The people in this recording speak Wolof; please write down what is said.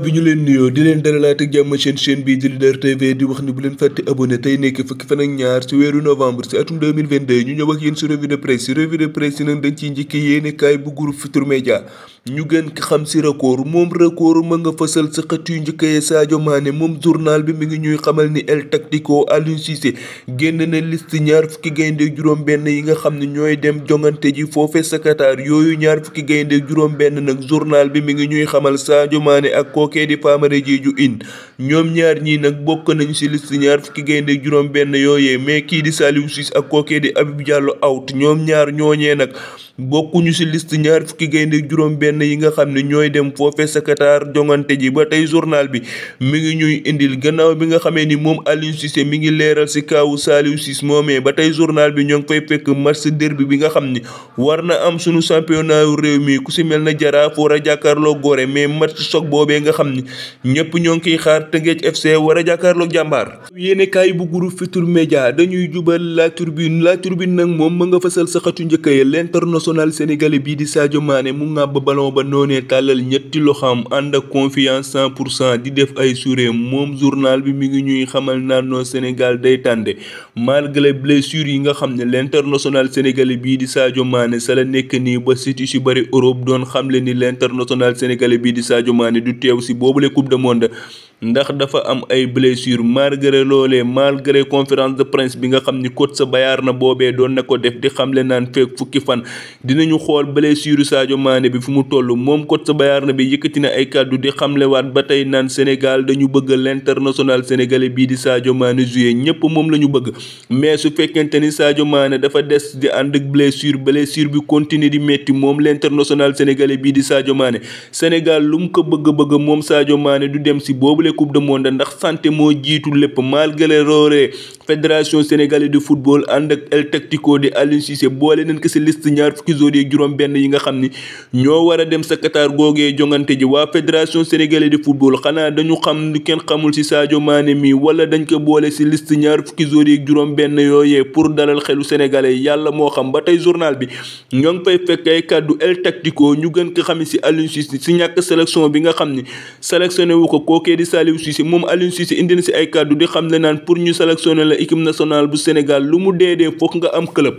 bi ñu leen di leen dalalaat ak jàmm seen chaîne bii di Leader TV di wax ni bu leen fàtte abonné tey ñu ñëw ak gën xam ci record moom record ma nga fasal ci xët yu njëkk yee Sadio moom journal bi mi ngi ñuy xamal ni El Tactico Aliou Cissé génn na liste ñaar fukki gaynde juróom benn yi nga xam ne ñooy dem jongante ji foofe sa Qatar yooyu ñaar fukki gaynde juróom benn nag journal bi mi ngi ñuy xamal Sadio Mané ak kookee di ji ju in ñoom ñaar ñii nag bokk nañu ci liste ñaar fukki gaynde juróom benn yooyee mais kii di saalimu Ciss ak kookee di Habib jàll out ñoom ñaar ñooñee nag bokkuñu ci list ñaar fukki gaynde juróom benn yi nga xam ne ñooy dem foofe sa Qatar jongante ji ba tey journal bi mi ngi ñuy indil gannaaw bi nga xamee ni moom Aliou Cissé mi ngi leeral ci kaawu Saliou Ciss moomee ba tey journal bi ñoo ngi fay fekk match derby bi nga xam ni war na am sunu championnat réew mii ku ci mel na Jaraaf war a jàkkaarloo Gorée mais match choc boobee nga xam ni ñëpp ñoo ngi koy xaar Tëngéej FC war a jàkkaarloo Jàmbaar yéenekaay bu groupe Futurs Médias dañuy jubal La Tribune La Tribune nag moom ma nga fësal sa xatu njëkk ya international sénégalais bii di Sadio Mané mu ngàbb ballon ba noonee tàllal ñetti loxoom ànd ak confiance pour cent di def ay suré moom journal bi mi ngi ñuy xamal naan noo Sénégal day tànde malgré blessure yi nga xam ne l'international sénégalais bii di Sadio Mané sa la nekk nii ba situ si bëri Europe doon xamle ni l'international sénégalais bii di Sadio maane du teew si boobule coupe de monde ndax dafa am ay blessure malgré loolee malgré conférence de presse bi nga xam ni coach sa Bayern na boobee doon na ko def di xamle naan feek fukki fan dina ñu xool blessure Sadio Mané bi fu mu toll moom coach sa Bayern na bi yëkkati na ay kàddu di xamlewaat ba tey naan Sénégal dañu bëgg l'international sénégalais bii di Sadio Mané joué ñëpp moom la ñu bëgg mais su fekkente ni Sadio Mané dafa des di ànd ak blessure blessure bi continuer di metti moom l'international sénégalais bii di Sadio Mané Sénégal lu mu bëgg-bëgg moom Sadio Mané du dem si boobule coupe du monde ndax santé moo jiitu lépp malgré loolee fédération sénégalaise de football ànd ak El Tactico di Aliou Cissé boole nañ ko si liste ñaar fukki joueurs yi juróom-benn yi nga xam ni ñoo war a dem sa Qatar googee jongante ji waa fédération sénégalaise de football xanaa dañu xam lu kenn xamul si Sadio Mané mii wala dañ ko boole si liste ñaar fukki joueurs yi juróom-benn yooyee pour dalal xelu sénégalais yàlla moo xam ba tey journal bi ñoo ngi fay fekk ay kàddu El Tactico ñu gën ko xamee si Aliou Cissé si ñàkk sélection bi nga xam ni sélectionné wu ko kookee di Saliou Cissé moom la national bu Sénégal lu mu dee dee foog nga am club